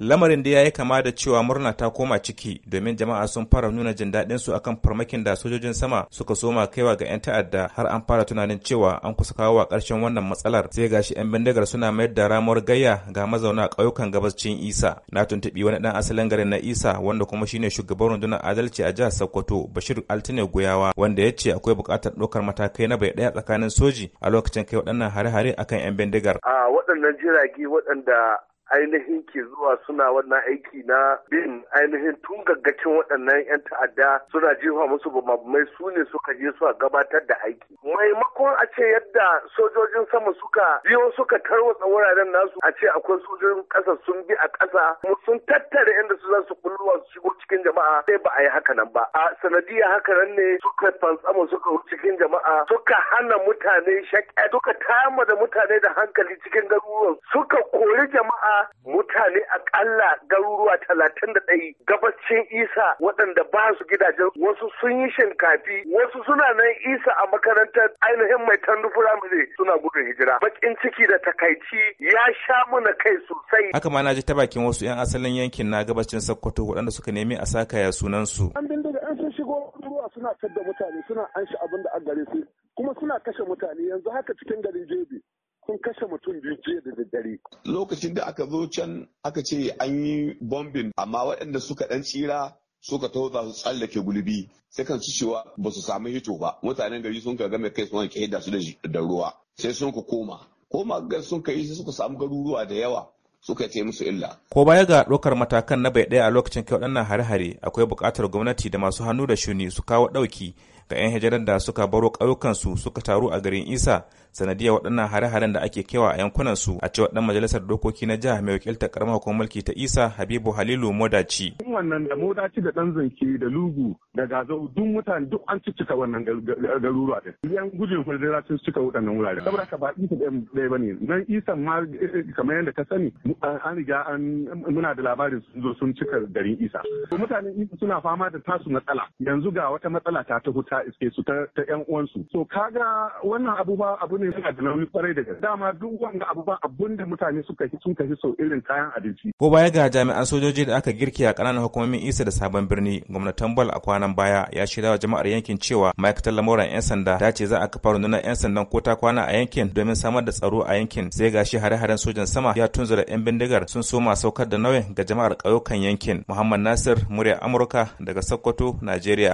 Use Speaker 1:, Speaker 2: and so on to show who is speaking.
Speaker 1: lamarin da ya yi kama da cewa murna ta koma ciki domin jama'a sun fara nuna jin daɗin su akan farmakin da sojojin sama suka soma kaiwa ga 'yan ta'adda har an fara tunanin cewa an kusa kawo wa ƙarshen wannan matsalar sai gashi 'yan bindigar suna mayar da ramuwar gayya ga mazauna ƙauyukan gabascin isa na tuntuɓi wani ɗan asalin garin na isa wanda kuma shine shugaban rundunar adalci a jihar sokoto bashir altine goyawa wanda ya ce akwai buƙatar ɗaukar matakai na bai ɗaya tsakanin soji a lokacin kai waɗannan hare-hare akan 'yan bindigar.
Speaker 2: a waɗannan jirage waɗanda ainihin ke zuwa suna wannan aiki na bin ainihin tun gaggacin waɗannan 'yan ta'adda suna jefa musu mai su ne suka je suka gabatar da aiki. Maimakon a ce yadda sojojin sama suka biyo suka tarwatsa wuraren nasu a ce akwai sojojin ƙasa sun bi a ƙasa sun tattara inda su zasu su kulluwa su shigo cikin jama'a sai ba a yi haka nan ba. A sanadiyar haka nan ne suka fantsama suka cikin jama'a suka hana mutane shaƙa suka tama da mutane da hankali cikin garuruwan suka kori jama'a mutane akalla garuruwa talatin da ɗai gabacin isa waɗanda ba su gidajen wasu sun yi shinkafi wasu suna nan isa a makarantar ainihin mai tandu firamare suna gudun hijira bakin ciki da takaici ya sha mana kai sosai
Speaker 1: haka ma na ji ta bakin wasu 'yan asalin yankin na gabacin sokoto waɗanda suka nemi a sakaya sunansu
Speaker 2: an bindiga an sun shigo ruwa suna tadda mutane suna an shi abin da an gare su kuma suna kashe mutane yanzu haka cikin garin
Speaker 3: jebi sun kashe
Speaker 2: mutum biyu jiya da daddare.
Speaker 3: Lokacin da aka zo can aka ce an yi bombin amma waɗanda suka ɗan tsira suka taho za su tsallake gulbi sai kan su cewa ba su samu hito ba mutanen gari sun kaga mai kai sun wanke da su da ruwa sai sun ku koma koma ga sun kai sai suka samu garuruwa da yawa suka ce musu illa.
Speaker 1: Ko baya ga ɗaukar matakan na bai ɗaya a lokacin kai waɗannan hare-hare akwai buƙatar gwamnati da masu hannu da shuni su kawo ɗauki da 'yan hijiran da suka baro ƙauyukansu suka taru a garin isa sanadiyar waɗannan hare-haren da ake kewa a yankunansu a cewa ɗan majalisar dokoki na jihar mai wakilta karamar hukumar mulki ta isa habibu halilu modaci.
Speaker 4: wannan da modaci da ɗan zanki da lugu da gazau duk mutane duk an cika wannan garuruwa ɗin yan gudun hurjira sun cika waɗannan wurare saboda ka ba isa ɗaya ba ne nan isa ma eh, kamar yadda ka sani an riga an muna da labarin sun zo sun cika garin isa mutanen isa suna fama da tasu matsala yanzu ga wata matsala ta tafi ta iske su ta yan uwansu so kaga wannan abu abu ne yana da nauyi kwarai da gaske dama duk wanda abu abun da mutane suka hi sun kashi so irin kayan abinci
Speaker 1: ko baya ga jami'an sojoji da aka girki a kananan hukumomin isa da sabon birni gwamnatin bal a kwanan baya ya shirya wa jama'ar yankin cewa ma'aikatar lamuran yan sanda ta ce za a kafa rundunar yan sandan ko ta kwana a yankin domin samar da tsaro a yankin sai gashi hare-haren sojan sama ya tunzura yan bindigar sun soma saukar da nauyin ga jama'ar ƙauyukan yankin muhammad nasir murya amurka daga sokoto najeriya